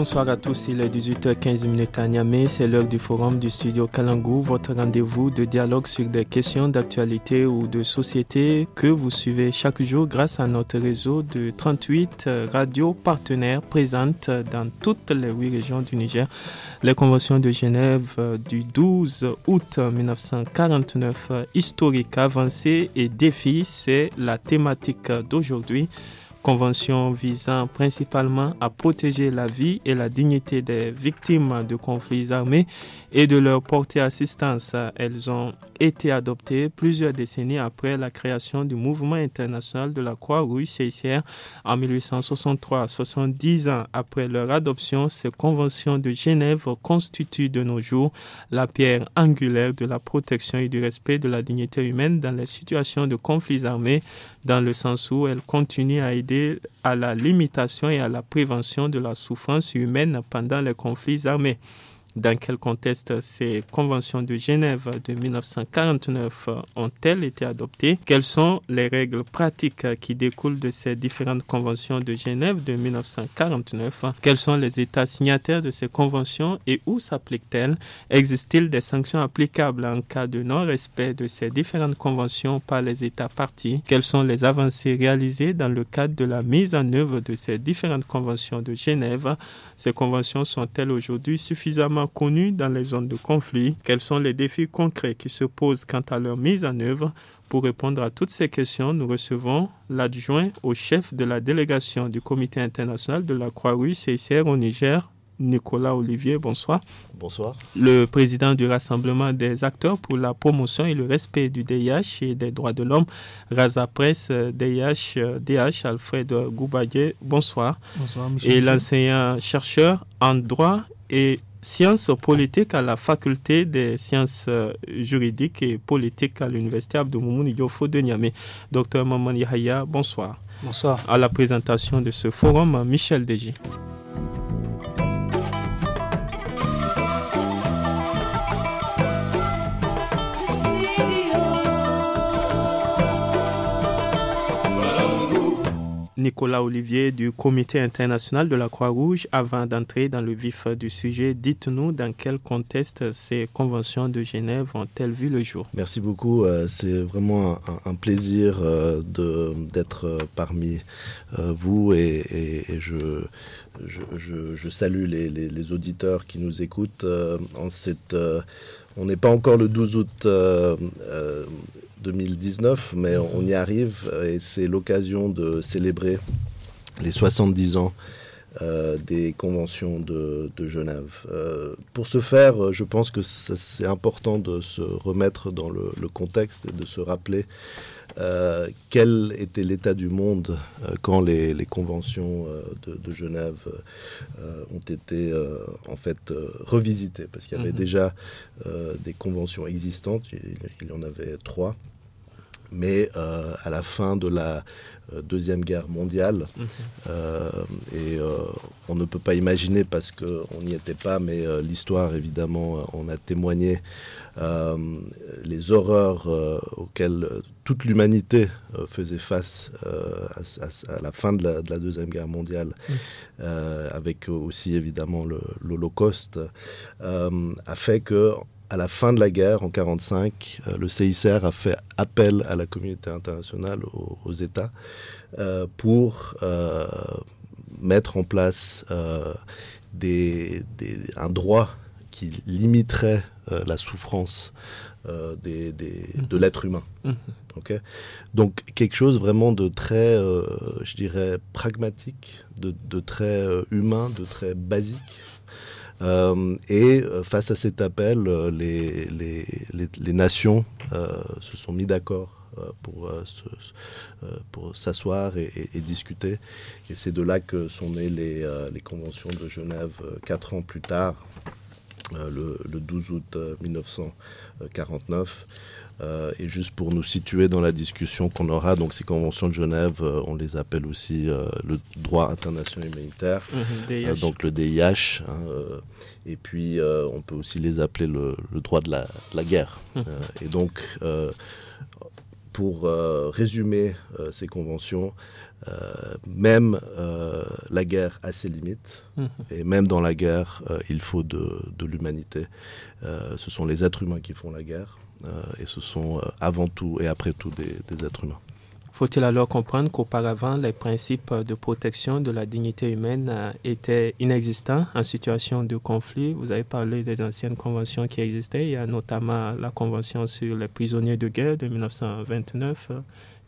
Bonsoir à tous, il est 18h15 à Niamey, c'est l'heure du forum du studio Kalangou, votre rendez-vous de dialogue sur des questions d'actualité ou de société que vous suivez chaque jour grâce à notre réseau de 38 euh, radios partenaires présentes dans toutes les huit régions du Niger. Les conventions de Genève euh, du 12 août 1949, historique, avancée et défi, c'est la thématique d'aujourd'hui convention visant principalement à protéger la vie et la dignité des victimes de conflits armés et de leur porter assistance. Elles ont été adoptées plusieurs décennies après la création du mouvement international de la Croix-Rouge CICR en 1863. 70 ans après leur adoption, ces conventions de Genève constituent de nos jours la pierre angulaire de la protection et du respect de la dignité humaine dans les situations de conflits armés, dans le sens où elles continuent à aider à la limitation et à la prévention de la souffrance humaine pendant les conflits armés dans quel contexte ces conventions de Genève de 1949 ont-elles été adoptées, quelles sont les règles pratiques qui découlent de ces différentes conventions de Genève de 1949, quels sont les États signataires de ces conventions et où s'appliquent-elles, existe-t-il des sanctions applicables en cas de non-respect de ces différentes conventions par les États partis, quelles sont les avancées réalisées dans le cadre de la mise en œuvre de ces différentes conventions de Genève, ces conventions sont-elles aujourd'hui suffisamment connues dans les zones de conflit Quels sont les défis concrets qui se posent quant à leur mise en œuvre pour répondre à toutes ces questions, nous recevons l'adjoint au chef de la délégation du Comité international de la Croix-Rouge CICR au Niger, Nicolas Olivier. Bonsoir. Bonsoir. Le président du Rassemblement des acteurs pour la promotion et le respect du DIH et des droits de l'homme, Raza Press, DIH, euh, DH, euh, Alfred Goubadier. Bonsoir. Bonsoir, Michel. Et l'enseignant-chercheur en droit et sciences politiques à la faculté des sciences euh, juridiques et politiques à l'université Abdoumoumouni Yofo de Niamey. Docteur Mamani Haya, bonsoir. Bonsoir. À la présentation de ce forum, Michel Deji. Nicolas Olivier du Comité international de la Croix-Rouge. Avant d'entrer dans le vif du sujet, dites-nous dans quel contexte ces conventions de Genève ont-elles vu le jour Merci beaucoup. Euh, c'est vraiment un, plaisir euh, d'être euh, parmi vous et, je, salue les, auditeurs qui nous écoutent. on n'est pas encore le 12 août 2019, mais mhm. on y arrive et c'est l'occasion de célébrer les 70 ans euh, des conventions de, Genève. Euh, pour ce faire, euh, je pense que c'est important de se remettre dans le, le contexte et de se rappeler euh, quel était l'état du monde euh, quand les, conventions euh, de, Genève ont été en fait revisitées Parce qu'il y avait mhm. déjà des conventions existantes, il, y en avait trois. Mais à la fin de la Deuxième Guerre mondiale, mhm. et on ne peut pas imaginer parce qu'on n'y était pas, mais l'histoire évidemment en a témoigné, euh, les horreurs euh, auxquelles euh, toute l'humanité faisait face à, la fin de la, Deuxième Guerre mondiale, avec aussi évidemment l'Holocauste, a fait que à la fin de la guerre, en 1945, le CICR a fait appel à la communauté internationale, aux, États, pour mettre en place des, un droit qui limiterait euh, la souffrance euh, des, de mmh. l'être humain. Mmh. Donc quelque chose vraiment de très, euh, je dirais, pragmatique, de, très humain, de très basique. et face à cet appel, les, les, nations se sont mis d'accord pour, pour s'asseoir et, et, discuter. Et c'est de là que sont nées les, conventions de Genève quatre ans plus tard, euh, le, 12 août 1949. Euh, euh, et juste pour nous situer dans la discussion qu'on aura, donc ces conventions de Genève, on les appelle aussi le droit international humanitaire, mhm, donc le DIH, hein, et puis on peut aussi les appeler le, droit de la, guerre. Mhm. et donc, pour résumer ces conventions, euh, même euh, la guerre a ses limites, mhm. et même dans la guerre, euh, il faut de, l'humanité. ce sont les êtres humains qui font la guerre, et ce sont avant tout et après tout des, des êtres humains. Faut-il alors comprendre qu'auparavant, les principes de protection de la dignité humaine étaient inexistants en situation de conflit Vous avez parlé des anciennes conventions qui existaient, il y a notamment la convention sur les prisonniers de guerre de 1929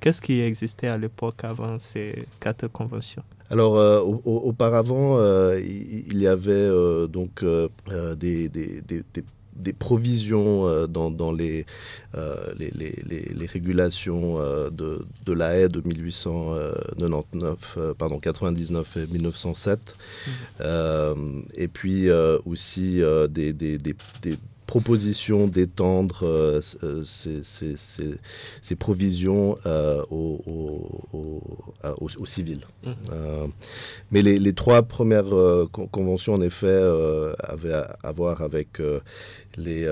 Qu'est-ce qui existait à l'époque avant ces quatre conventions alors, euh, auparavant, euh, il y avait euh, donc des, provisions dans, les, les, régulations de, la haie de 1899, pardon, 99 et 1907. Mmh. et puis aussi des, proposition d'étendre euh, ces, provisions euh, aux, euh, civils. Mhm. mais les, trois premières conventions, en effet, avaient à, voir avec les,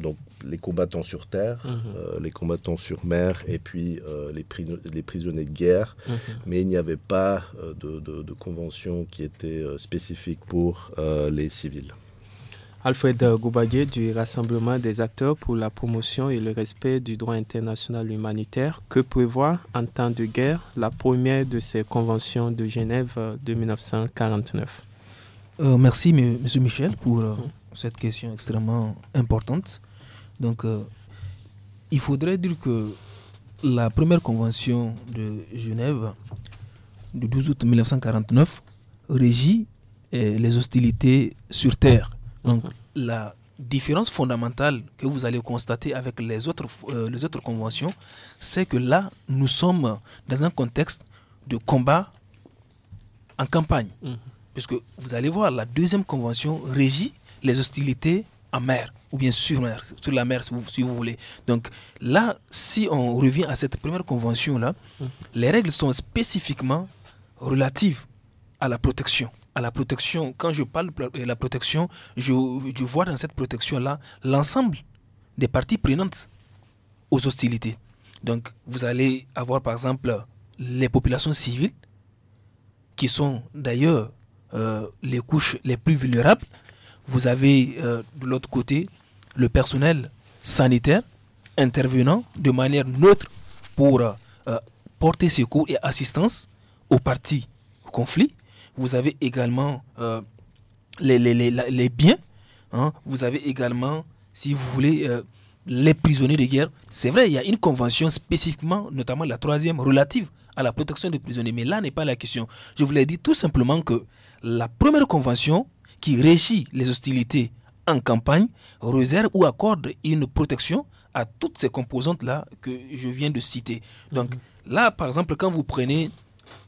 donc, les combattants sur terre, mhm. les combattants sur mer et puis les, prisonniers de guerre. Mhm. Mais il n'y avait pas de, convention qui était spécifique pour les civils. Alfred Goubadier du Rassemblement des acteurs pour la promotion et le respect du droit international humanitaire que prévoit en temps de guerre la première de ces conventions de Genève euh, de 1949. Euh, merci M. Michel pour euh, cette question extrêmement importante. Donc il faudrait dire que la première convention de Genève du 12 août 1949 régit les hostilités sur terre donc mhm. la différence fondamentale que vous allez constater avec les autres, euh, les autres conventions, c'est que là, nous sommes dans un contexte de combat en campagne. Mhm. Puisque vous allez voir, la deuxième convention régit les hostilités en mer ou bien sur, la mer, si vous, voulez. Donc là, si on revient à cette première convention-là, mhm. les règles sont spécifiquement relatives à la protection la protection, quand je parle de euh, la protection, je, vois dans cette protection-là l'ensemble des parties prenantes aux hostilités. Donc, vous allez avoir par exemple les populations civiles, qui sont d'ailleurs euh, les couches les plus vulnérables. Vous avez euh, de l'autre côté le personnel sanitaire intervenant de manière neutre pour porter secours et assistance aux parties au conflit vous avez également euh, les, les, biens, hein. vous avez également, si vous voulez, euh, les prisonniers de guerre. C'est vrai, il y a une convention spécifiquement, notamment la troisième, relative à la protection des prisonniers, mais là n'est pas la question. Je voulais l'ai dit tout simplement que la première convention qui régit les hostilités en campagne réserve ou accorde une protection à toutes ces composantes-là que je viens de citer. Donc mm-hmm. là, par exemple, quand vous prenez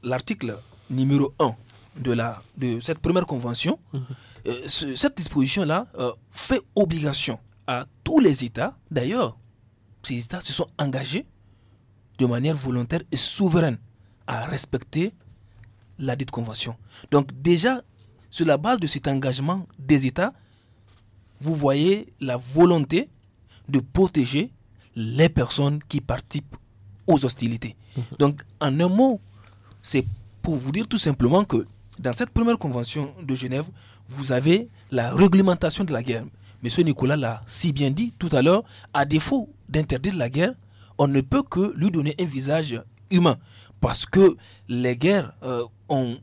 l'article numéro 1 de, la, de cette première convention, mhm. euh, cette disposition-là euh, fait obligation à tous les États. D'ailleurs, ces États se sont engagés de manière volontaire et souveraine à respecter la dite convention. Donc déjà, sur la base de cet engagement des États, vous voyez la volonté de protéger les personnes qui participent aux hostilités. Mhm. Donc, en un mot, c'est pour vous dire tout simplement que dans cette première convention de Genève, vous avez la réglementation de la guerre. Monsieur Nicolas l'a si bien dit tout à l'heure, à défaut d'interdire la guerre, on ne peut que lui donner un visage humain. Parce que les guerres euh, ont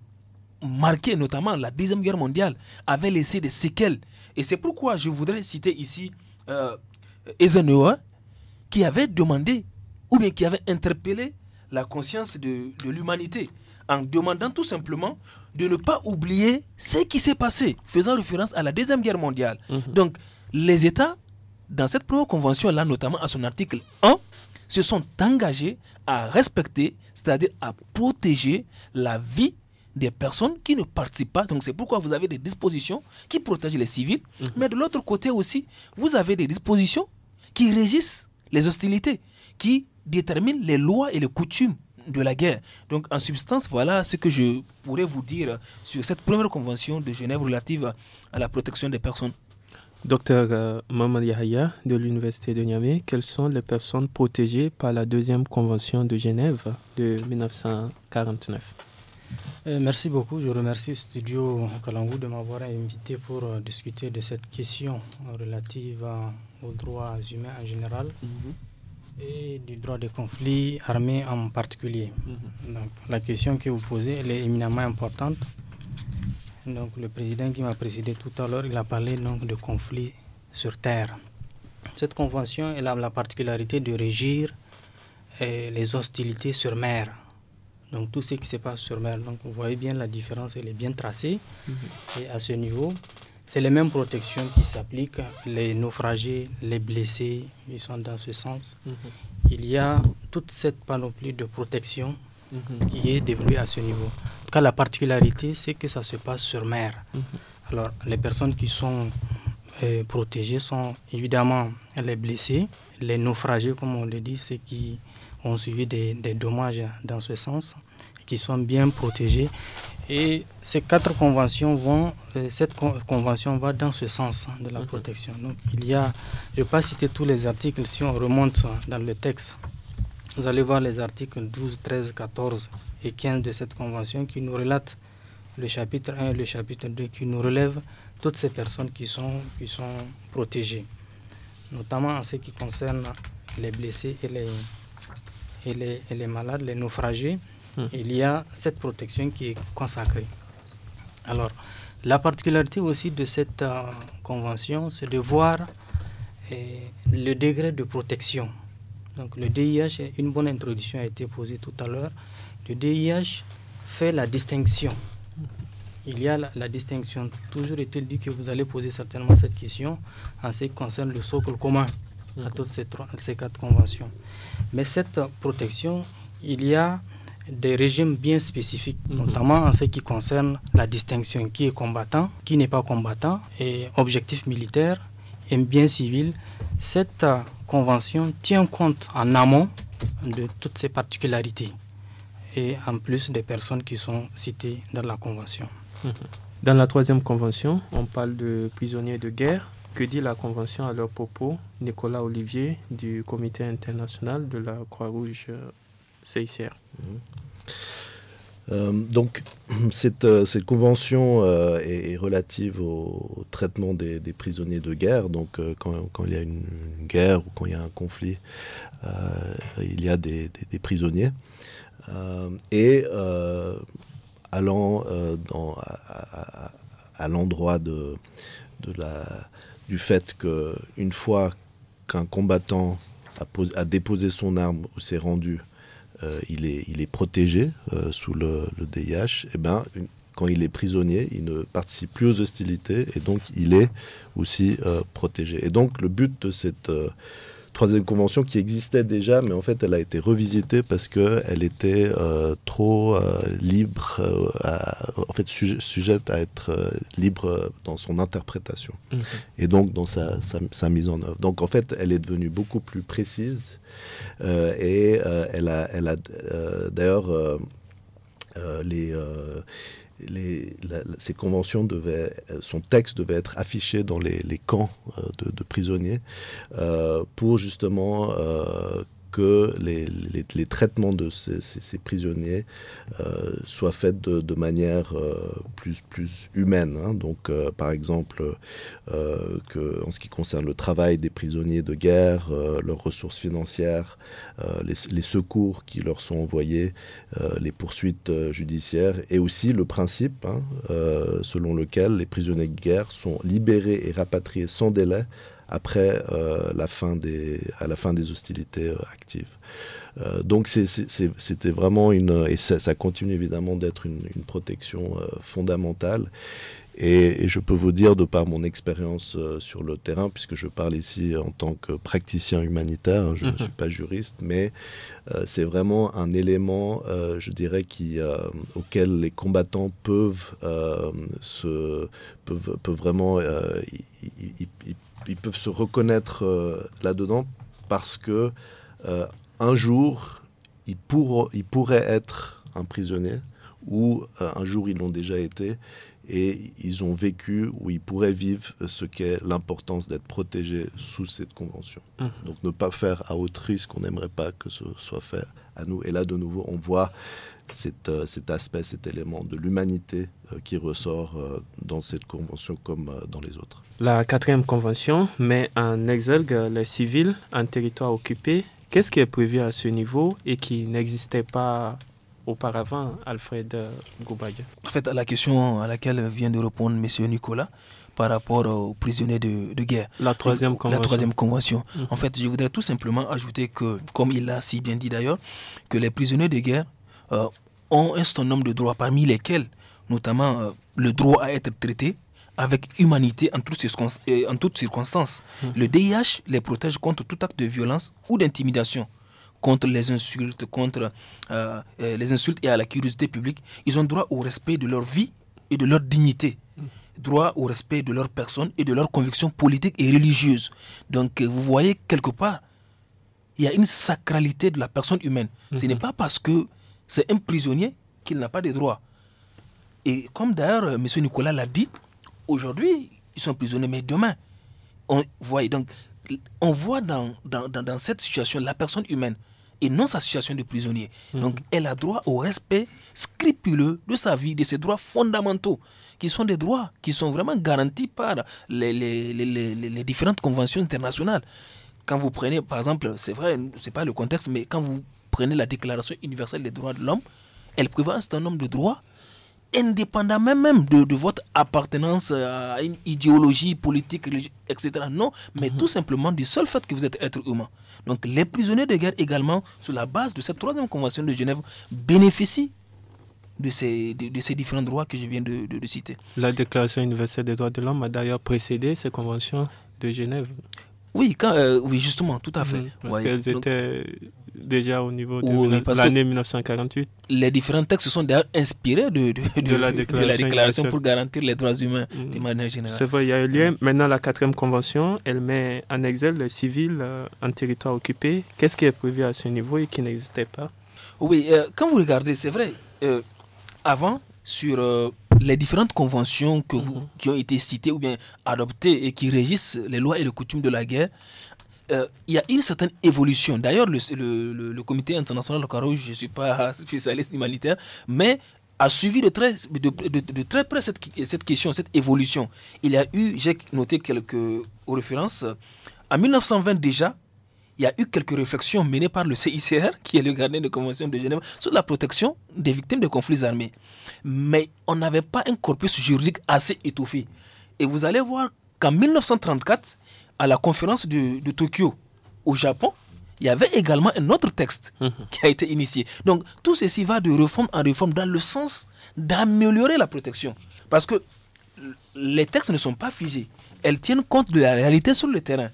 marqué notamment la Deuxième Guerre mondiale, avait laissé des séquelles. Et c'est pourquoi je voudrais citer ici euh, qui avait demandé, ou bien qui avait interpellé la conscience de l'humanité, en demandant tout simplement de ne pas oublier ce qui s'est passé, faisant référence à la Deuxième Guerre mondiale. Mhm. Donc, les États, dans cette première convention-là, notamment à son article 1, se sont engagés à respecter, c'est-à-dire à protéger la vie des personnes qui ne participent pas. Donc c'est pourquoi vous avez des dispositions qui protègent les civils. Mhm. Mais de l'autre côté aussi, vous avez des dispositions qui régissent les hostilités, qui déterminent les lois et les coutumes de la guerre. Donc en substance, voilà ce que je pourrais vous dire sur cette première convention de Genève relative à la protection des personnes. Docteur euh, Mamad de l'Université de Niamey, quelles sont les personnes protégées par la deuxième convention de Genève de 1949 euh, Merci beaucoup. Je remercie Studio Kalangou de m'avoir invité pour euh, discuter de cette question relative aux droits humains en général. Mm-hmm et du droit des conflits armés en particulier. Mhm. la question que vous posez, est éminemment importante. Donc, le président qui m'a précédé tout à l'heure, il a parlé donc de conflits sur terre. Cette convention, elle a la particularité de régir euh, les hostilités sur mer. Donc, tout ce qui se passe sur mer. Donc, vous voyez bien la différence, elle est bien tracée. Mhm. Et à ce niveau, c'est les mêmes protections qui s'appliquent. Les naufragés, les blessés, ils sont dans ce sens. Mhm. Il y a toute cette panoplie de protections mhm. qui est développée à ce niveau. En tout cas, la particularité, c'est que ça se passe sur mer. Mhm. Alors, les personnes qui sont euh, protégées sont évidemment les blessés, les naufragés, comme on le dit, ceux qui ont suivi des, des dommages dans ce sens, qui sont bien protégés. Et ces quatre conventions vont, euh, cette convention va dans ce sens hein, de la protection. Donc il y a, je ne vais pas citer tous les articles, si on remonte hein, dans le texte, vous allez voir les articles 12, 13, 14 et 15 de cette convention qui nous relatent le chapitre 1 et le chapitre 2 qui nous relèvent toutes ces personnes qui sont, qui sont protégées, notamment en ce qui concerne les blessés et les, et les malades, les naufragés. Hum. il y a cette protection qui est consacrée. Alors, la particularité aussi de cette euh, convention, c'est de voir eh, le degré de protection. Donc, le DIH, une bonne introduction a été posée tout à l'heure. Le DIH fait la distinction. Il y a la, distinction. Toujours est-il dit que vous allez poser certainement cette question en ce qui concerne le socle commun à toutes ces, ces quatre conventions. Mais cette protection, il y a des régimes bien spécifiques, mhm. notamment en ce qui concerne la distinction qui est combattant, qui n'est pas combattant, et objectif militaire et bien civil. Cette euh, convention tient compte en amont de toutes ces particularités et en plus des personnes qui sont citées dans la convention. Mhm. Dans la troisième convention, on parle de prisonniers de guerre. Que dit la Convention à leur propos Nicolas Olivier du Comité international de la Croix-Rouge euh, CICR. Mhm. Euh, donc, euh, cette, convention euh, est, relative au, traitement des, prisonniers de guerre. Donc, quand, il y a une, guerre ou quand il y a un conflit, il y a des, prisonniers. et allant à, l'endroit du fait qu'une fois qu'un combattant a, a, déposé son arme ou s'est rendu euh, il, est, protégé euh, sous le, le, DIH, et eh ben, quand il est prisonnier, il ne participe plus aux hostilités et donc il est aussi euh, protégé. Et donc le but de cette troisième convention qui existait déjà, mais en fait, elle a été revisitée parce qu'elle était euh, trop euh, libre, euh, en fait, sujette à être libre dans son interprétation mhm. et donc dans sa, mise en œuvre. Donc, en fait, elle est devenue beaucoup plus précise et elle a, elle a d'ailleurs les les, ces conventions devaient, euh, son texte devait être affiché dans les, les camps euh, de, de, prisonniers euh, pour justement euh, que les, traitements de ces, prisonniers euh, soient faits de, manière euh, plus, plus humaine. Hein. Donc, euh, par exemple, en ce qui concerne le travail des prisonniers de guerre, leurs ressources financières, les, secours qui leur sont envoyés, les poursuites judiciaires, et aussi le principe hein, selon lequel les prisonniers de guerre sont libérés et rapatriés sans délai après euh, la fin des, à la fin des hostilités euh, actives. Euh, donc c'était vraiment une, et ça, continue évidemment d'être une, protection fondamentale. Et, je peux vous dire, de par mon expérience sur le terrain, puisque je parle ici en tant que praticien humanitaire, hein, je ne mhm. suis pas juriste, mais c'est vraiment un élément, je dirais, qui, auquel les combattants peuvent, se, peuvent, peuvent vraiment ils peuvent se reconnaître euh, là-dedans parce que euh, un jour, ils, pourraient être emprisonnés prisonnier ou euh, un jour ils l'ont déjà été et ils ont vécu ou ils pourraient vivre ce qu'est l'importance d'être protégé sous cette convention. Mmh. Donc ne pas faire à autrui ce qu'on n'aimerait pas que ce soit fait à nous. Et là, de nouveau, on voit euh, cet, aspect, cet élément de l'humanité euh, qui ressort euh, dans cette convention comme dans les autres. La quatrième convention met en exergue les civils en territoire occupé. Qu'est-ce qui est prévu à ce niveau et qui n'existait pas auparavant Alfred Goubadia. En fait, à la question à laquelle vient de répondre M. Nicolas, par rapport aux prisonniers de, guerre. La troisième convention. La troisième convention. Mhm. En fait, je voudrais tout simplement ajouter que, comme il l'a si bien dit d'ailleurs, que les prisonniers de guerre euh, ont un certain nombre de droits, parmi lesquels, notamment, euh, le droit à être traité avec humanité en toutes, circonstances. Euh, mhm. Le DIH les protège contre tout acte de violence ou d'intimidation contre les insultes, contre euh, euh, les insultes et à la curiosité publique, ils ont droit au respect de leur vie et de leur dignité droit au respect de leur personne et de leurs convictions politiques et religieuses. Donc euh, vous voyez quelque part, il y a une sacralité de la personne humaine. Ce mhm. n'est pas parce que c'est un prisonnier qu'il n'a pas de droits. Et comme d'ailleurs M. Nicolas l'a dit, aujourd'hui, ils sont prisonniers, mais demain, on voit, donc, on voit dans, dans, dans cette situation la personne humaine et non sa situation de prisonnier. Mhm. Donc elle a droit au respect scrupuleux de sa vie, de ses droits fondamentaux, qui sont des droits qui sont vraiment garantis par les, les, les, les différentes conventions internationales. Quand vous prenez, par exemple, c'est vrai, c'est pas le contexte, mais quand vous prenez la Déclaration universelle des droits de l'homme, elle prévoit un certain nombre de droits indépendamment même de, de, votre appartenance à une idéologie politique, etc. Non, mais mhm. tout simplement du seul fait que vous êtes être humain. Donc les prisonniers de guerre également, sur la base de cette troisième convention de Genève, bénéficient de ces, différents droits que je viens de, citer. La Déclaration universelle des droits de l'homme a d'ailleurs précédé ces conventions de Genève. Oui, euh, oui, justement, tout à fait. Mhm, parce qu'elles étaient déjà au niveau de l'année 1948. Les différents textes se sont d'ailleurs inspirés de, la déclaration, pour garantir les droits humains mm. de manière générale. C'est vrai, il y a eu lieu. Mm. Maintenant, la quatrième convention, elle met en exil les civils euh, en territoire occupé. Qu'est-ce qui est prévu à ce niveau et qui n'existait pas Oui, euh, quand vous regardez, c'est vrai, euh, avant, sur les différentes conventions que vous, mm-hmm. qui ont été citées ou bien adoptées et qui régissent les lois et les coutumes de la guerre, euh, il y a une certaine évolution. D'ailleurs, le, comité international de Carouge, je ne suis pas spécialiste humanitaire, mais a suivi de très, de, très près cette, question, cette évolution. Il y a eu, j'ai noté quelques références, en 1920 déjà, il y a eu quelques réflexions menées par le CICR, qui est le gardien de convention de Genève, sur la protection des victimes de conflits armés. Mais on n'avait pas un corpus juridique assez étouffé. Et vous allez voir qu'en 1934, à la conférence de, Tokyo au Japon, il y avait également un autre texte mhm. qui a été initié. Donc tout ceci va de réforme en réforme dans le sens d'améliorer la protection. Parce que les textes ne sont pas figés. Elles tiennent compte de la réalité sur le terrain.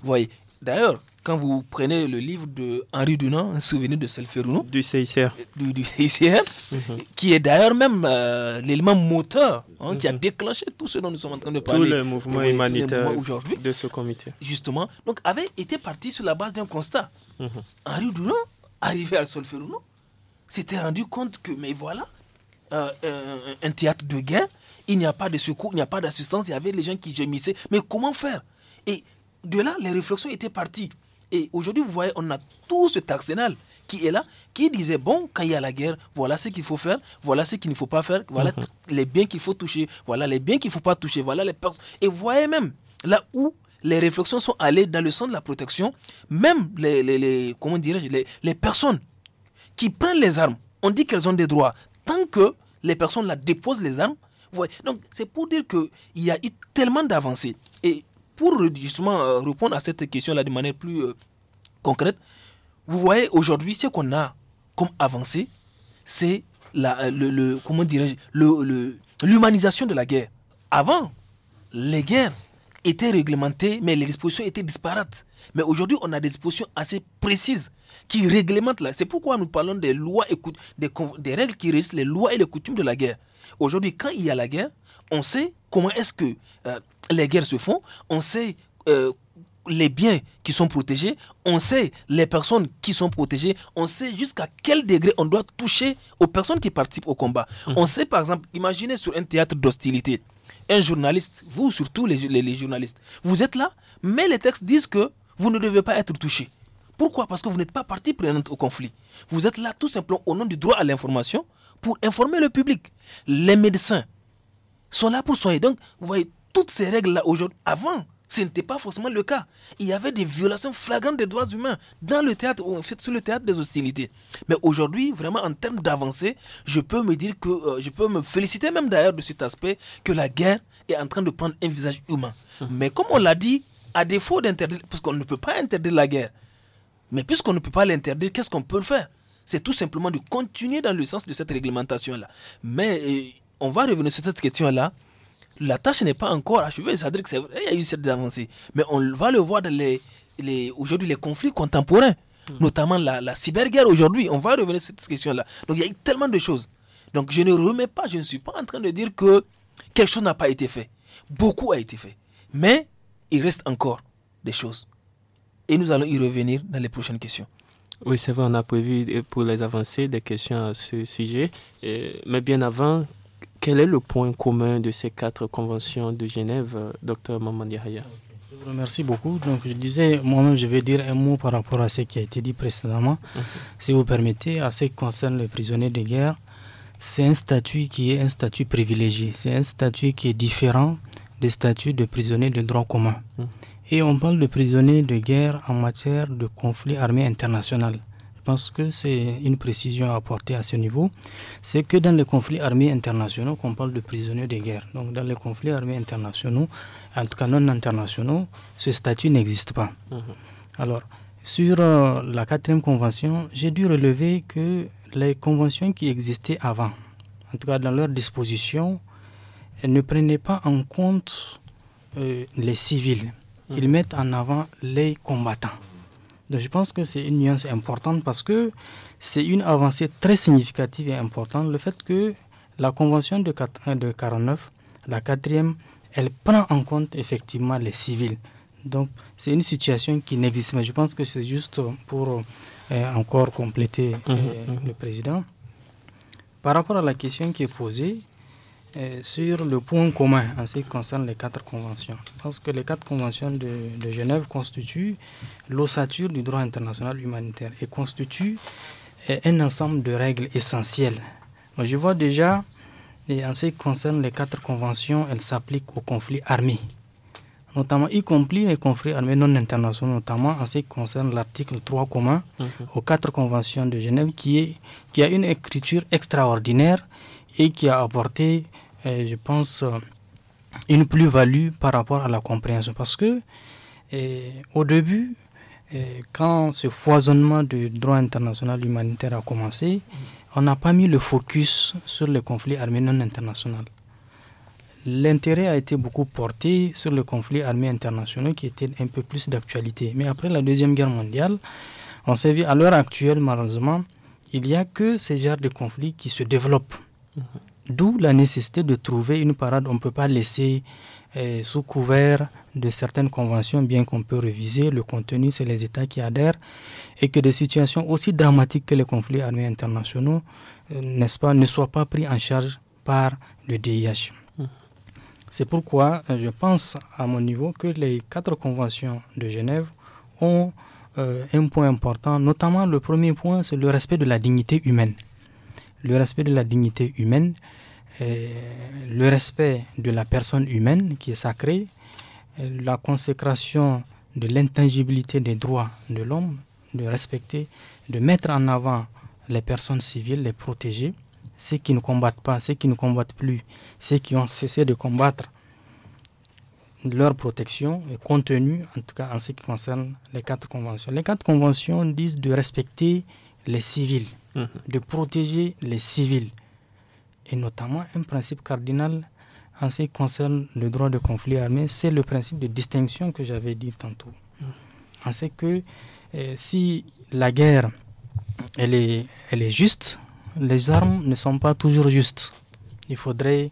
Vous voyez. D'ailleurs, quand vous prenez le livre de Henri Dunant, un souvenir de Solferino, Du CICR. Du, CICR, mhm. qui est d'ailleurs même euh, l'élément moteur hein, qui a mhm. déclenché tout ce dont nous sommes en train de parler. Tout le mouvement humanitaire de ce comité. Justement, donc avait été parti sur la base d'un constat. Mhm. Henri Dunant, arrivé à Solferuno, s'était rendu compte que, mais voilà, euh, euh, un théâtre de guerre, il n'y a pas de secours, il n'y a pas d'assistance, il y avait les gens qui gémissaient. Mais comment faire Et de là, les réflexions étaient parties. Et aujourd'hui, vous voyez, on a tout cet arsenal qui est là, qui disait, bon, quand il y a la guerre, voilà ce qu'il faut faire, voilà ce qu'il ne faut pas faire, voilà mhm. les biens qu'il faut toucher, voilà les biens qu'il ne faut pas toucher, voilà les personnes. Et voyez même là où les réflexions sont allées dans le sens de la protection, même les, comment les, personnes qui prennent les armes, on dit qu'elles ont des droits. Tant que les personnes la déposent les armes, Donc c'est pour dire qu'il y a eu tellement d'avancées. Et pour justement euh, répondre à cette question-là de manière plus euh, concrète, vous voyez aujourd'hui ce qu'on a comme avancée, c'est euh, le, le, l'humanisation de la guerre. Avant, les guerres étaient réglementées, mais les dispositions étaient disparates. Mais aujourd'hui, on a des dispositions assez précises qui réglementent là. C'est pourquoi nous parlons des lois et des, règles qui restent les lois et les coutumes de la guerre. Aujourd'hui, quand il y a la guerre, on sait comment est-ce que les guerres se font, on sait euh, les biens qui sont protégés, on sait les personnes qui sont protégées, on sait jusqu'à quel degré on doit toucher aux personnes qui participent au combat. Hum. On sait par exemple, imaginez sur un théâtre d'hostilité, un journaliste, vous surtout les, journalistes, vous êtes là, mais les textes disent que vous ne devez pas être touché. Pourquoi Parce que vous n'êtes pas partie prenante au conflit. Vous êtes là tout simplement au nom du droit à l'information pour informer le public. Les médecins sont là pour soigner. Donc, vous voyez, toutes ces règles-là aujourd'hui, avant, ce n'était pas forcément le cas. Il y avait des violations flagrantes des droits humains dans le théâtre, en fait, sur le théâtre des hostilités. Mais aujourd'hui, vraiment, en termes d'avancée, je peux me dire que, euh, je peux me féliciter même d'ailleurs de cet aspect que la guerre est en train de prendre un visage humain. Hum. Mais comme on l'a dit, à défaut d'interdire, parce qu'on ne peut pas interdire la guerre, mais puisqu'on ne peut pas l'interdire, qu'est-ce qu'on peut faire C'est tout simplement de continuer dans le sens de cette réglementation-là. Mais euh, on va revenir sur cette question-là la tâche n'est pas encore achevée. C'est-à-dire que y a eu certaines avancées. Mais on va le voir dans les, aujourd'hui les conflits contemporains, hmm. notamment la, la cyberguerre aujourd'hui. On va revenir sur cette question-là. Donc il y a eu tellement de choses. Donc je ne remets pas, je ne suis pas en train de dire que quelque chose n'a pas été fait. Beaucoup a été fait. Mais il reste encore des choses. Et nous allons y revenir dans les prochaines questions. Oui, c'est vrai, on a prévu pour les avancées des questions à ce sujet. mais bien avant, quel est le point commun de ces quatre conventions de Genève, euh, docteur Mamandi Je vous remercie beaucoup. Donc, je disais, moi-même, je vais dire un mot par rapport à ce qui a été dit précédemment. Mhm. Si vous permettez, à ce qui concerne les prisonniers de guerre, c'est un statut qui est un statut privilégié. C'est un statut qui est différent des statuts de prisonniers de droit commun. Mhm. Et on parle de prisonniers de guerre en matière de conflit armé international. Je pense que c'est une précision à apporter à ce niveau, c'est que dans les conflits armés internationaux, qu'on parle de prisonniers de guerre, donc dans les conflits armés internationaux, en tout cas non internationaux, ce statut n'existe pas. Mhm. Alors, sur euh, la quatrième convention, j'ai dû relever que les conventions qui existaient avant, en tout cas dans leur disposition, ne prenaient pas en compte euh, les civils. Ils mhm. mettent en avant les combattants. Donc je pense que c'est une nuance importante parce que c'est une avancée très significative et importante, le fait que la Convention de 49, euh, la quatrième, elle prend en compte effectivement les civils. Donc c'est une situation qui n'existe pas. Je pense que c'est juste pour euh, encore compléter mmh, euh, mmh, mmh. le président. Par rapport à la question qui est posée, euh, sur le point commun en ce qui concerne les quatre conventions, je pense que les quatre conventions de, Genève constituent l'ossature du droit international humanitaire et constituent euh, un ensemble de règles essentielles. je vois déjà, en ce qui concerne les quatre conventions, elles s'appliquent aux conflits armés, notamment y compris les conflits armés non internationaux, notamment en ce qui concerne l'article 3 commun mhm. aux quatre conventions de Genève, qui, est, qui a une écriture extraordinaire et qui a apporté euh, je pense, euh, une plus-value par rapport à la compréhension. Parce que, euh, au début, quand ce foisonnement du droit international humanitaire a commencé, on n'a pas mis le focus sur le conflit non international. L'intérêt a été beaucoup porté sur le conflit armé international qui était un peu plus d'actualité. Mais après la Deuxième Guerre mondiale, on s'est vu à l'heure actuelle, malheureusement, il n'y a que ces genres de conflits qui se développent. Mhm. D'où la nécessité de trouver une parade. On ne peut pas laisser euh, sous couvert de certaines conventions, bien qu'on peut réviser le contenu, c'est les États qui adhèrent, et que des situations aussi dramatiques que les conflits armés internationaux, euh, n'est-ce pas, ne soient pas pris en charge par le DIH. Mmh. C'est pourquoi euh, je pense à mon niveau que les quatre conventions de Genève ont un point important, notamment le premier point, c'est le respect de la dignité humaine le respect de la dignité humaine, euh, le respect de la personne humaine qui est sacrée, euh, la consécration de l'intangibilité des droits de l'homme, de respecter, de mettre en avant les personnes civiles, les protéger, ceux qui ne combattent pas, ceux qui ne combattent plus, ceux qui ont cessé de combattre, leur protection est contenue, en tout cas en ce qui concerne les quatre conventions. Les quatre conventions disent de respecter les civils de protéger les civils, et notamment un principe cardinal en ce qui concerne le droit de conflit armé, c'est le principe de distinction que j'avais dit tantôt. Mm. En ce que euh, si la guerre elle est, elle est juste, les armes ne sont pas toujours justes. Il faudrait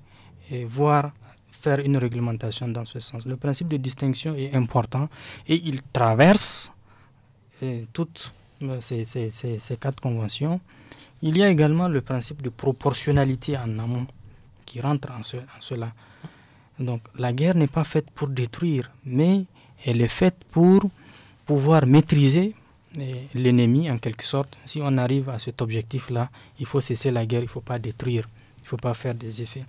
euh, voir faire une réglementation dans ce sens. Le principe de distinction est important et il traverse euh, toute euh, ces, ces, quatre conventions. Il y a également le principe de proportionnalité en amont qui rentre en cela. Donc la guerre n'est pas faite pour détruire, mais elle est faite pour pouvoir maîtriser eh, l'ennemi en quelque sorte. Si on arrive à cet objectif-là, il faut cesser la guerre, il ne faut pas détruire, il ne faut pas faire des effets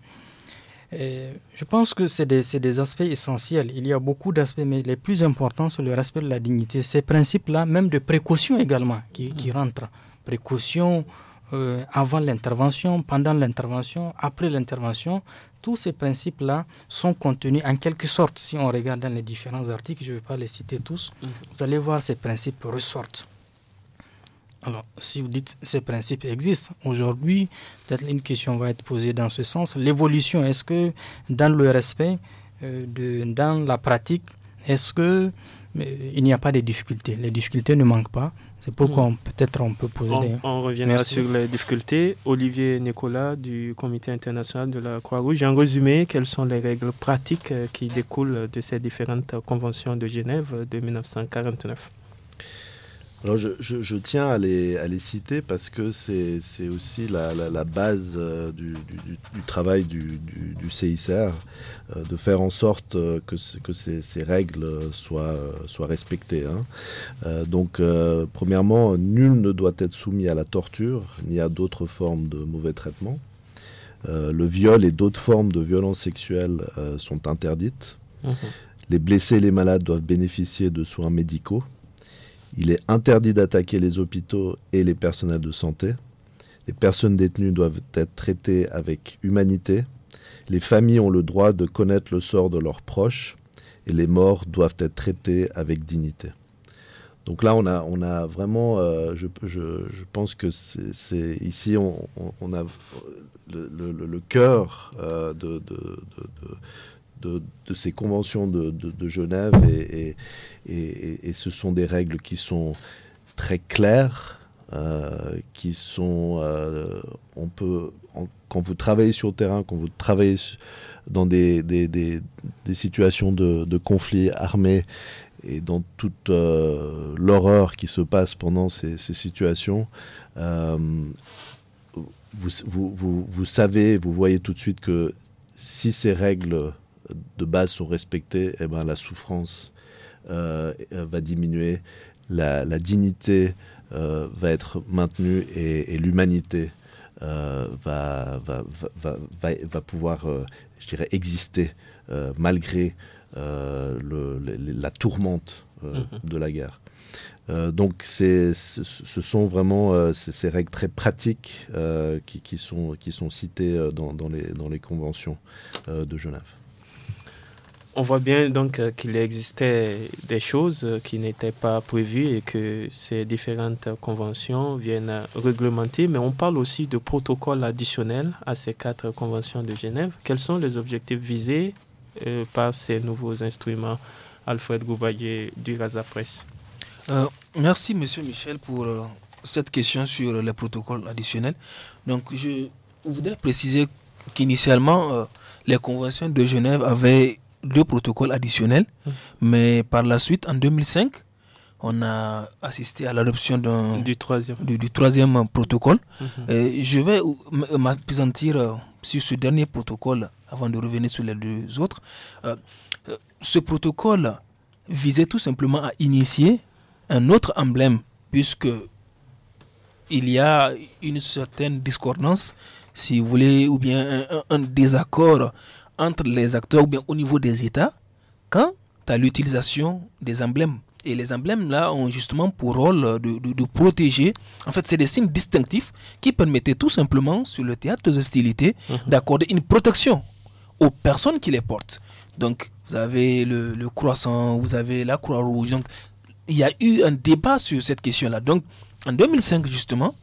je pense que c'est des, aspects essentiels. Il y a beaucoup d'aspects, mais les plus importants, sont le respect de la dignité. Ces principes-là, même de précaution également, qui, mm. rentrent. Précaution euh, avant l'intervention, pendant l'intervention, après l'intervention. Tous ces principes-là sont contenus en quelque sorte, si on regarde dans les différents articles, je ne vais pas les citer tous, mm. vous allez voir ces principes ressortent. Alors, si vous dites ces principes existent aujourd'hui, peut-être une question va être posée dans ce sens. L'évolution, est-ce que dans le respect, euh, dans la pratique, est-ce que euh, il n'y a pas de difficultés Les difficultés ne manquent pas. C'est pourquoi hmm. peut-être on peut poser on, des. On reviendra sur les difficultés. Olivier Nicolas du Comité international de la Croix-Rouge. En résumé, quelles sont les règles pratiques euh, qui découlent de ces différentes conventions de Genève de 1949 je, tiens à les, citer parce que c'est, aussi la, base euh, du, travail du, du CICR, euh, de faire en sorte euh, que, que ces, règles soient, soient respectées. Hein. donc premièrement, nul ne doit être soumis à la torture ni à d'autres formes de mauvais traitements. le viol et d'autres formes de violences sexuelles sont interdites. Mmh les blessés et les malades doivent bénéficier de soins médicaux. Il est interdit d'attaquer les hôpitaux et les personnels de santé. Les personnes détenues doivent être traitées avec humanité. Les familles ont le droit de connaître le sort de leurs proches et les morts doivent être traités avec dignité. Donc là, on a, on a vraiment, euh, je, pense que c'est ici, on, a le, cœur euh, de de, ces conventions de, Genève et, ce sont des règles qui sont très claires, euh, qui sont, euh, on peut, quand vous travaillez sur le terrain, quand vous travaillez dans des, des, des, situations de, conflits armés et dans toute euh, l'horreur qui se passe pendant ces, ces situations, vous, vous, vous, vous savez, vous voyez tout de suite que si ces règles de base sont respectées, eh ben, la souffrance euh, euh, va diminuer, la, dignité euh, va être maintenue et, l'humanité va, va, pouvoir, dirais, exister malgré la tourmente mhm. de la guerre. donc, ce sont vraiment ces règles très pratiques qui, sont, qui, sont, citées dans, les, dans les conventions de Genève on voit bien donc euh, qu'il existait des choses euh, qui n'étaient pas prévues et que ces différentes conventions viennent euh, réglementer, mais on parle aussi de protocoles additionnels à ces quatre conventions de Genève. Quels sont les objectifs visés par ces nouveaux instruments, Alfred Goubaye du Raza Merci, monsieur Michel, pour cette question sur les protocoles additionnels. Donc, je voudrais préciser qu'initialement, les conventions de Genève avaient deux protocoles additionnels. Hum. Mais par la suite, en 2005, on a assisté à l'adoption du troisième. Du, troisième protocole. Hum, hum. je vais euh, m'appesantir euh, sur ce dernier protocole avant de revenir sur les deux autres. Euh, ce protocole visait tout simplement à initier un autre emblème, puisque il y a une certaine discordance, si vous voulez, ou bien un désaccord entre les acteurs ou bien au niveau des États quand tu as l'utilisation des emblèmes. Et les emblèmes, là, ont justement pour rôle de, de, protéger. En fait, c'est des signes distinctifs qui permettaient tout simplement, sur le théâtre des hostilités, mhm. d'accorder une protection aux personnes qui les portent. Donc, vous avez le, le croissant, vous avez la croix rouge. Donc, il y a eu un débat sur cette question-là. Donc, en 2005, justement,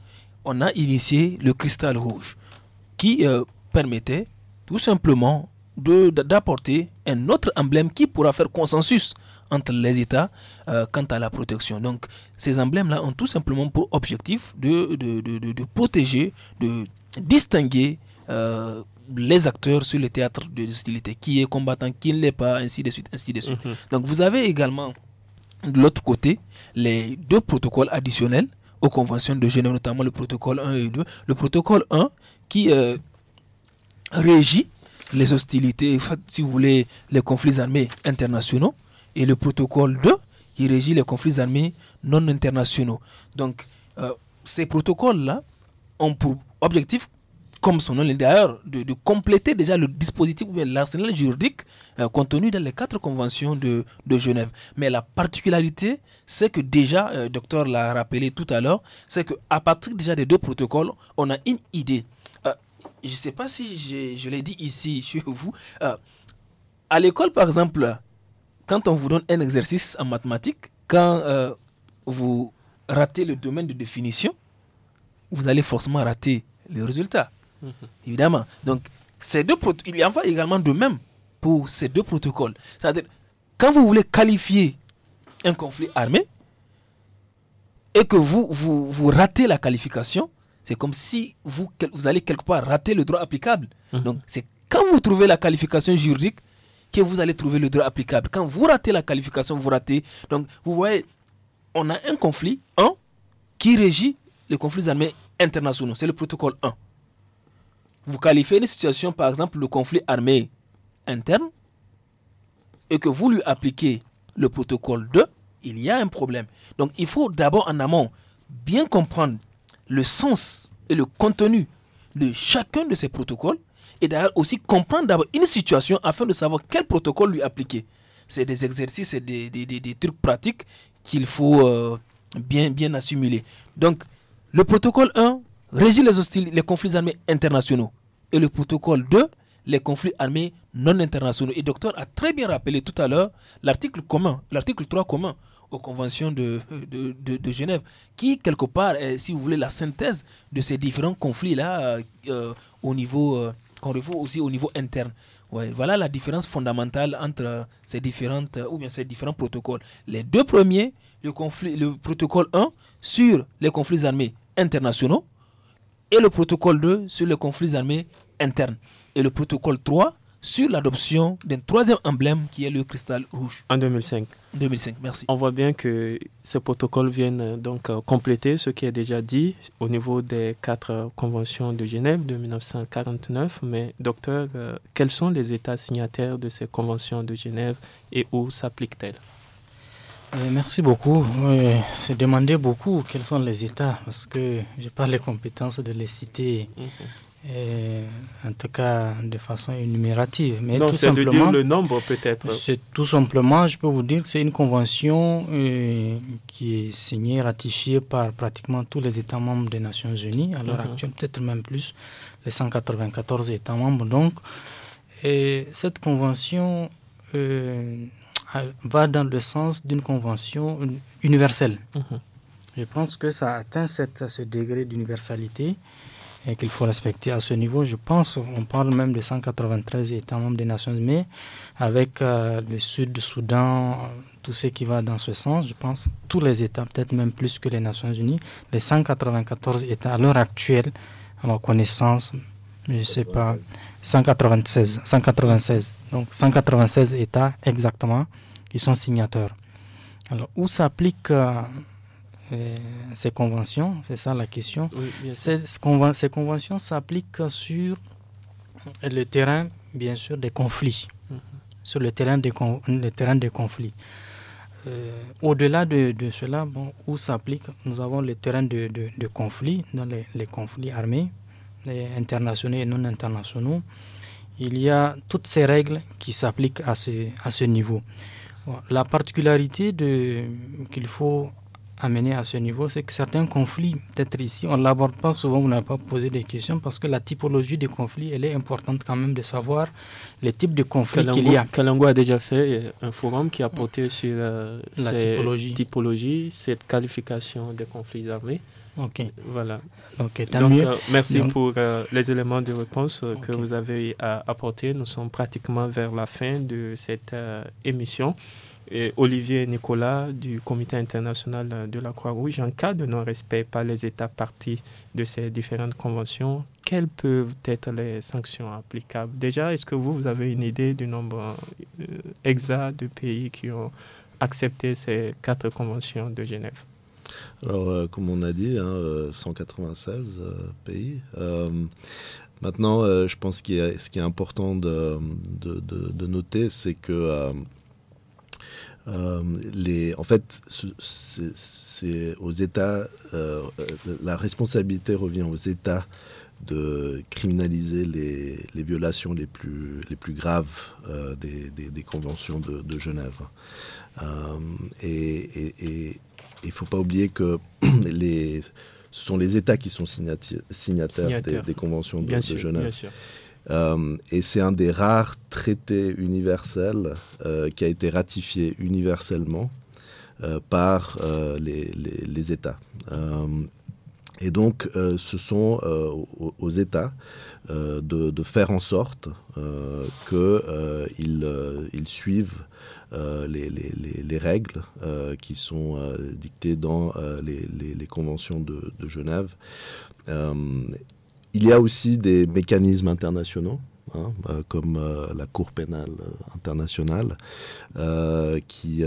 on a initié le cristal rouge qui euh, permettait tout simplement d'apporter un autre emblème qui pourra faire consensus entre les États euh, quant à la protection. Donc ces emblèmes-là ont tout simplement pour objectif de, de, protéger, de distinguer euh, les acteurs sur le théâtre de l'hostilité qui est combattant, qui ne l'est pas, ainsi de suite, ainsi de suite. Mhm. Donc vous avez également de l'autre côté les deux protocoles additionnels aux conventions de Genève, notamment le protocole 1 et 2. Le protocole 1 qui euh, régit les hostilités, si vous voulez, les conflits armés internationaux et le protocole 2 qui régit les conflits armés non internationaux. Donc, euh, ces protocoles-là ont pour objectif, comme son nom d'ailleurs, de, compléter déjà le dispositif ou l'arsenal juridique euh, contenu dans les quatre conventions de, Genève. Mais la particularité, c'est que déjà, le euh, docteur l'a rappelé tout à l'heure, c'est qu'à partir déjà des deux protocoles, on a une idée je ne sais pas si je, l'ai dit ici chez vous. Euh, à l'école, par exemple, quand on vous donne un exercice en mathématiques, quand euh, vous ratez le domaine de définition, vous allez forcément rater le résultat. Mhm. Évidemment. Donc, ces deux il y en va également de même pour ces deux protocoles. C'est-à-dire, quand vous voulez qualifier un conflit armé et que vous, vous ratez la qualification, c'est comme si vous, vous allez quelque part rater le droit applicable. Mhm. Donc, c'est quand vous trouvez la qualification juridique que vous allez trouver le droit applicable. Quand vous ratez la qualification, vous ratez. Donc, vous voyez, on a un conflit, un, qui régit les conflits armés internationaux. C'est le protocole 1. Vous qualifiez une situation, par exemple, le conflit armé interne, et que vous lui appliquez le protocole 2, il y a un problème. Donc, il faut d'abord en amont bien comprendre le sens et le contenu de chacun de ces protocoles et d'ailleurs aussi comprendre d'abord une situation afin de savoir quel protocole lui appliquer. C'est des exercices, et des, des, des, trucs pratiques qu'il faut euh, bien, bien assimiler. Donc, le protocole 1 régit les, hostiles, les conflits armés internationaux et le protocole 2 les conflits armés non internationaux. Et docteur a très bien rappelé tout à l'heure l'article commun, l'article 3 commun aux conventions de, de, Genève, qui, quelque part, est, si vous voulez, la synthèse de ces différents conflits-là euh, euh, au niveau, euh, qu'on revoit aussi au niveau interne. voilà la différence fondamentale entre ces, différentes, ou bien ces différents protocoles. Les deux premiers, le, conflit, le protocole 1 sur les conflits armés internationaux et le protocole 2 sur les conflits armés internes. Et le protocole 3 sur l'adoption d'un troisième emblème qui est le cristal rouge. En 2005. 2005, merci. On voit bien que ce protocole vient euh, donc euh, compléter ce qui est déjà dit au niveau des quatre euh, conventions de Genève de 1949. Mais docteur, quels sont les États signataires de ces conventions de Genève et où s'appliquent-elles Merci beaucoup. c'est demandé beaucoup quels sont les États, parce que je n'ai pas les compétences de les citer. Mhm en tout cas de façon énumérative. Mais tout simplement, de dire le nombre peut-être. C'est tout simplement, je peux vous dire que c'est une convention euh, qui est signée, ratifiée par pratiquement tous les États membres des Nations Unies, à l'heure actuelle, peut-être même plus, les 194 États membres. Donc, et cette convention euh, va dans le sens d'une convention euh, universelle. Mhm. Je pense que ça atteint ce degré d'universalité et qu'il faut respecter à ce niveau. Je pense, on parle même de 193 États membres des Nations Unies, avec euh, le Sud, Soudan, tout ce qui va dans ce sens, je pense, tous les États, peut-être même plus que les Nations Unies, les 194 États à l'heure actuelle, à ma connaissance, je ne sais pas, 196, 196, donc 196 États exactement, qui sont signataires. Alors, où s'applique... Euh, euh, ces conventions, c'est ça la question. ces, ces, conventions s'appliquent sur le terrain, bien sûr, des conflits. Mm-hmm. Sur le terrain des, conflits. Euh, au-delà de, cela, bon, où s'applique, nous avons le terrain de, de, conflits, dans les, conflits armés, internationaux et non internationaux. Il y a toutes ces règles qui s'appliquent à ce, à ce niveau. La particularité qu'il faut amener à ce niveau, c'est que certains conflits, peut-être ici, on ne l'aborde pas souvent, on n'a pas posé des questions, parce que la typologie des conflits, elle est importante quand même de savoir les types de conflits qu'il y a. Kalango a déjà fait un forum qui a porté sur cette euh, la typologie. cette qualification des conflits armés. Ok. Voilà. Ok, tant euh, merci pour euh, les éléments de réponse que vous avez apportés. Nous sommes pratiquement vers la fin de cette émission. Olivier Nicolas du Comité international de la Croix-Rouge, en cas de non-respect par les États partis de ces différentes conventions, quelles peuvent être les sanctions applicables Déjà, est-ce que vous, avez une idée du nombre euh, exact de pays qui ont accepté ces quatre conventions de Genève alors, euh, comme on a dit, 196 hein, euh, pays. maintenant, je pense que ce qui est important de noter, c'est que euh, en fait, c'est aux États, euh, euh, la responsabilité revient aux États de criminaliser les, violations les plus, les plus graves des, conventions de, Genève. et il ne faut pas oublier que les, ce sont les États qui sont signataires, Des, conventions de, Genève. Euh, et c'est un des rares traités universels euh, qui a été ratifié universellement euh, par les, États. et donc, ce sont aux, États de, faire en sorte qu'ils suivent les, règles qui sont dictées dans les, conventions de, de Genève. Il y a aussi des mécanismes internationaux. Hein, bah, comme euh, la Cour pénale euh, internationale, euh, qui,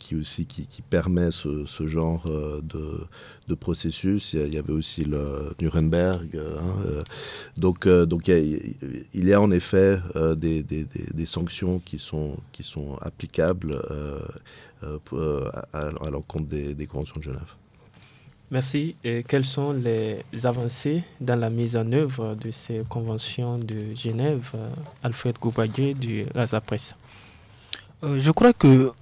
qui aussi qui, permet ce, genre de, processus. Il y avait aussi le Nuremberg. Hein, donc, donc il y a en effet des, sanctions qui sont, qui sont applicables à, à l'encontre des, des conventions de Genève. Merci. Et quelles sont les avancées dans la mise en œuvre de ces conventions de Genève, euh, Alfred Goubadier du Raza Presse euh, Je crois que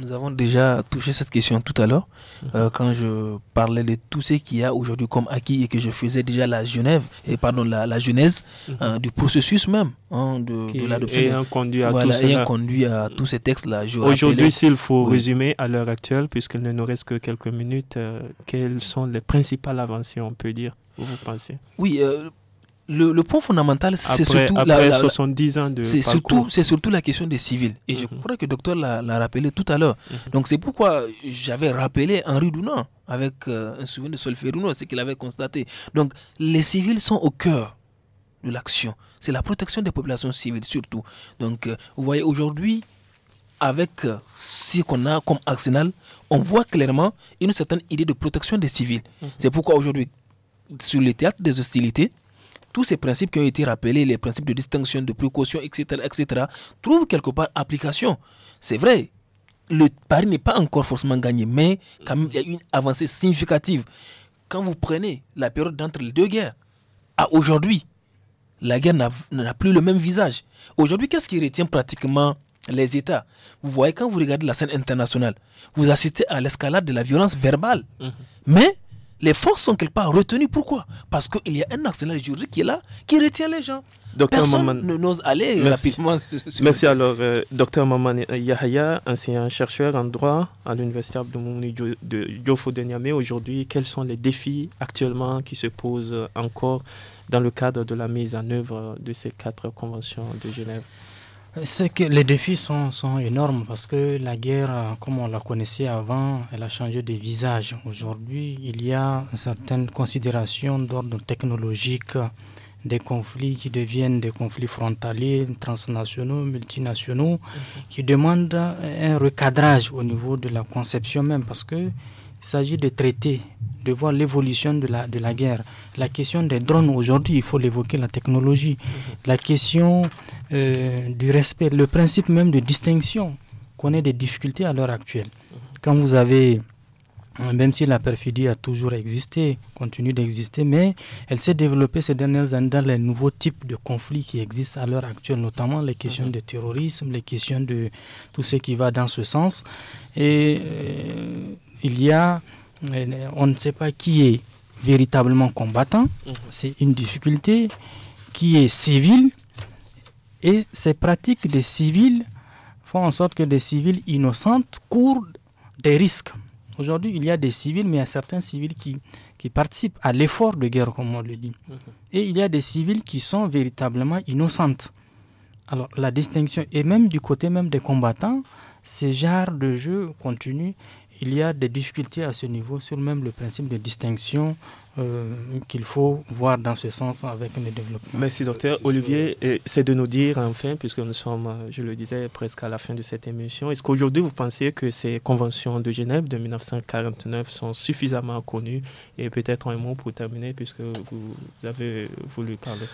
nous avons déjà touché cette question tout à l'heure, mhm. euh, quand je parlais de tout ce qu'il y a aujourd'hui comme acquis et que je faisais déjà la Genève, et pardon, la, genèse mhm. hein, du processus même hein, de, l'adoption. Et un conduit à, conduit à tous ces textes-là. Aujourd'hui, s'il faut résumer à l'heure actuelle, puisqu'il ne nous reste que quelques minutes, euh, quelles sont les principales avancées, on peut dire, vous pensez Oui, euh, le, point fondamental, c'est surtout la, c'est surtout c'est surtout la question des civils. Et je mhm. crois que le docteur l'a rappelé tout à l'heure. Mhm. Donc c'est pourquoi j'avais rappelé Henri Dunant avec euh, un souvenir de Solferino, ce qu'il avait constaté. Donc les civils sont au cœur de l'action. C'est la protection des populations civiles surtout. Donc euh, vous voyez aujourd'hui avec euh, ce qu'on a comme arsenal, on voit clairement une certaine idée de protection des civils. Mhm. C'est pourquoi aujourd'hui sur les théâtre des hostilités tous ces principes qui ont été rappelés, les principes de distinction, de précaution, etc., etc., trouvent quelque part application. C'est vrai, le pari n'est pas encore forcément gagné, mais quand même, il y a une avancée significative. Quand vous prenez la période d'entre les deux guerres, à aujourd'hui, la guerre n'a plus le même visage. Aujourd'hui, qu'est-ce qui retient pratiquement les États Vous voyez, quand vous regardez la scène internationale, vous assistez à l'escalade de la violence verbale. Mhm. Mais les forces sont quelque part retenues. Pourquoi Parce qu'il y a un arsenal juridique qui est là, qui retient les gens. Personne n'ose aller rapidement. Merci alors, euh, docteur Maman Yahya, ancien chercheur en droit à l'université Abdoumouni de Diofo de Aujourd'hui, quels sont les défis actuellement qui se posent encore dans le cadre de la mise en œuvre de ces quatre conventions de Genève que les défis sont, sont, énormes parce que la guerre, comme on la connaissait avant, elle a changé de visage. Aujourd'hui, il y a certaines considérations d'ordre technologique, des conflits qui deviennent des conflits frontaliers, transnationaux, multinationaux, mhm. qui demandent un recadrage au niveau de la conception même parce que il s'agit de traiter, de voir l'évolution de la, de la guerre. La question des drones aujourd'hui, il faut l'évoquer, la technologie. La question euh, du respect, le principe même de distinction qu'on connaît des difficultés à l'heure actuelle. Quand vous avez même si la perfidie a toujours existé, continue d'exister, mais elle s'est développée ces dernières années dans les nouveaux types de conflits qui existent à l'heure actuelle, notamment les questions de terrorisme, les questions de tout ce qui va dans ce sens. Et euh, il y a, euh, on ne sait pas qui est véritablement combattant, mhm. c'est une difficulté qui est civile, et ces pratiques des civils font en sorte que des civils innocentes courent des risques. Aujourd'hui, il y a des civils, mais il y a certains civils qui, qui participent à l'effort de guerre, comme on le dit. Mhm. Et il y a des civils qui sont véritablement innocentes. Alors, la distinction, et même du côté même des combattants, ces genre de jeu continue il y a des difficultés à ce niveau sur même le principe de distinction euh, qu'il faut voir dans ce sens avec le développement. Merci docteur. Euh, Olivier, c'est de nous dire enfin, puisque nous sommes, euh, je le disais, presque à la fin de cette émission, est-ce qu'aujourd'hui vous pensez que ces conventions de Genève de 1949 sont suffisamment connues Et peut-être un mot pour terminer, puisque vous avez voulu parler.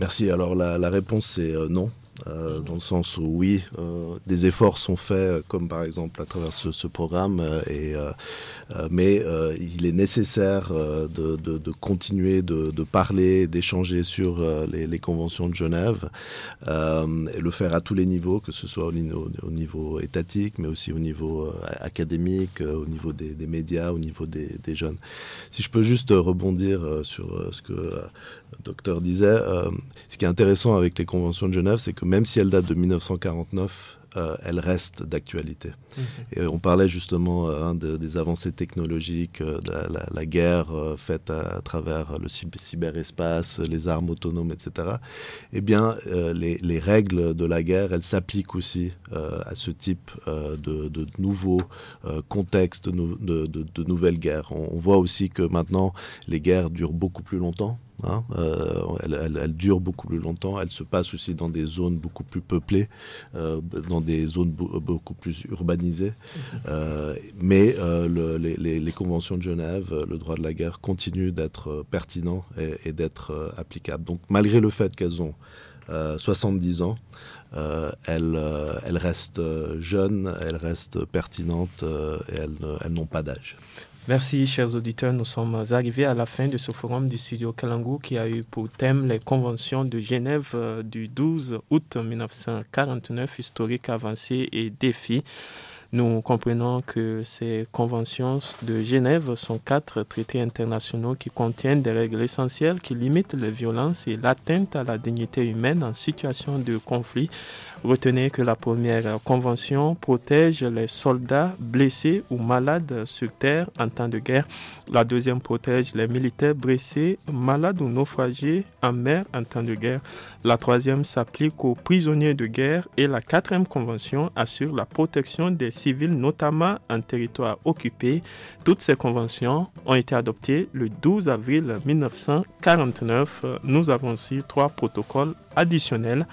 Merci. Alors la, la réponse est non. Euh, dans le sens où oui, euh, des efforts sont faits, euh, comme par exemple à travers ce, ce programme, et euh, mais euh, il est nécessaire euh, de, continuer de, parler, d'échanger sur les, conventions de Genève, et le faire à tous les niveaux, que ce soit au, niveau étatique, mais aussi au niveau académique, au niveau des, médias, au niveau des, des, jeunes. Si je peux juste rebondir sur ce que le docteur disait, ce qui est intéressant avec les conventions de Genève, c'est que même si elles datent de 1949, euh, elle reste d'actualité. Mhm. Euh, on parlait justement euh, hein, des avancées technologiques, de la, guerre faite à, travers le cyberespace, les armes autonomes, etc. Eh bien, les, règles de la guerre, elles s'appliquent aussi à ce type de, nouveaux contextes, de, nouvelles guerres. on voit aussi que maintenant, les guerres durent beaucoup plus longtemps. Hein, euh, elle, dure beaucoup plus longtemps, elle se passe aussi dans des zones beaucoup plus peuplées, euh, dans des zones beaucoup plus urbanisées. Mhm. Euh, mais les, conventions de Genève, le droit de la guerre continuent d'être pertinents et, d'être applicables. Donc malgré le fait qu'elles ont 70 ans, elles restent jeunes, elles restent pertinentes et elles n'ont pas d'âge. Merci, chers auditeurs. Nous sommes arrivés à la fin de ce forum du studio Kalangu qui a eu pour thème les conventions de Genève euh, du 12 août 1949, historique avancé et défi. Nous comprenons que ces conventions de Genève sont quatre traités internationaux qui contiennent des règles essentielles qui limitent les violences et l'atteinte à la dignité humaine en situation de conflit Retenez que la première convention protège les soldats blessés ou malades sur terre en temps de guerre. La deuxième protège les militaires blessés, malades ou naufragés en mer en temps de guerre. La troisième s'applique aux prisonniers de guerre et la quatrième convention assure la protection des civils, notamment en territoire occupé. Toutes ces conventions ont été adoptées le 12 avril 1949. Nous avons aussi trois protocoles additionnels.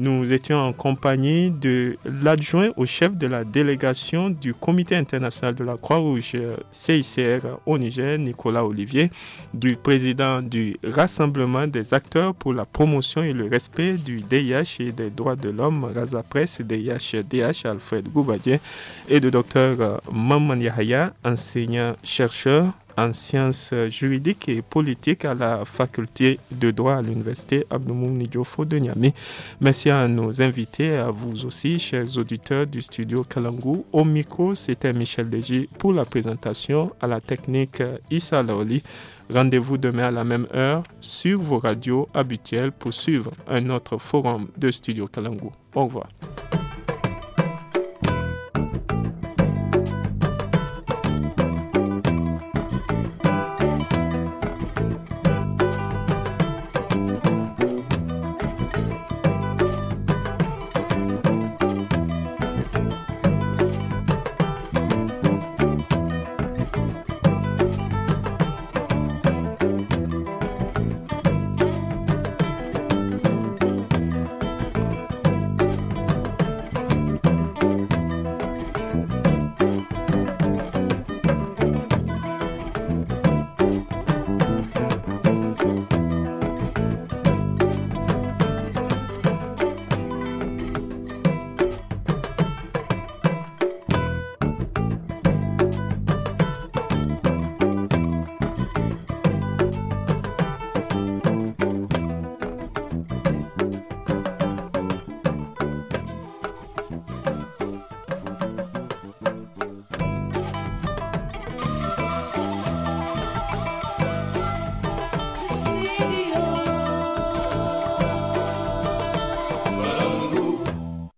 Nous étions en compagnie de l'adjoint au chef de la délégation du Comité international de la Croix-Rouge euh, CICR au Niger, Nicolas Olivier, du président du Rassemblement des acteurs pour la promotion et le respect du DIH et des droits de l'homme, Raza Press DIH, DH, Alfred Goubadier, et de Dr euh, Mamman Yahaya, enseignant-chercheur en sciences juridiques et politiques à la faculté de droit à l'université Abdoumou Nidjofo de Niamey. Merci à nos invités, à vous aussi, chers auditeurs du studio Kalangou. Au micro, c'était Michel Léger pour la présentation à la technique Issa Laoli. Rendez-vous demain à la même heure sur vos radios habituelles pour suivre un autre forum de Studio Kalangou. Au revoir.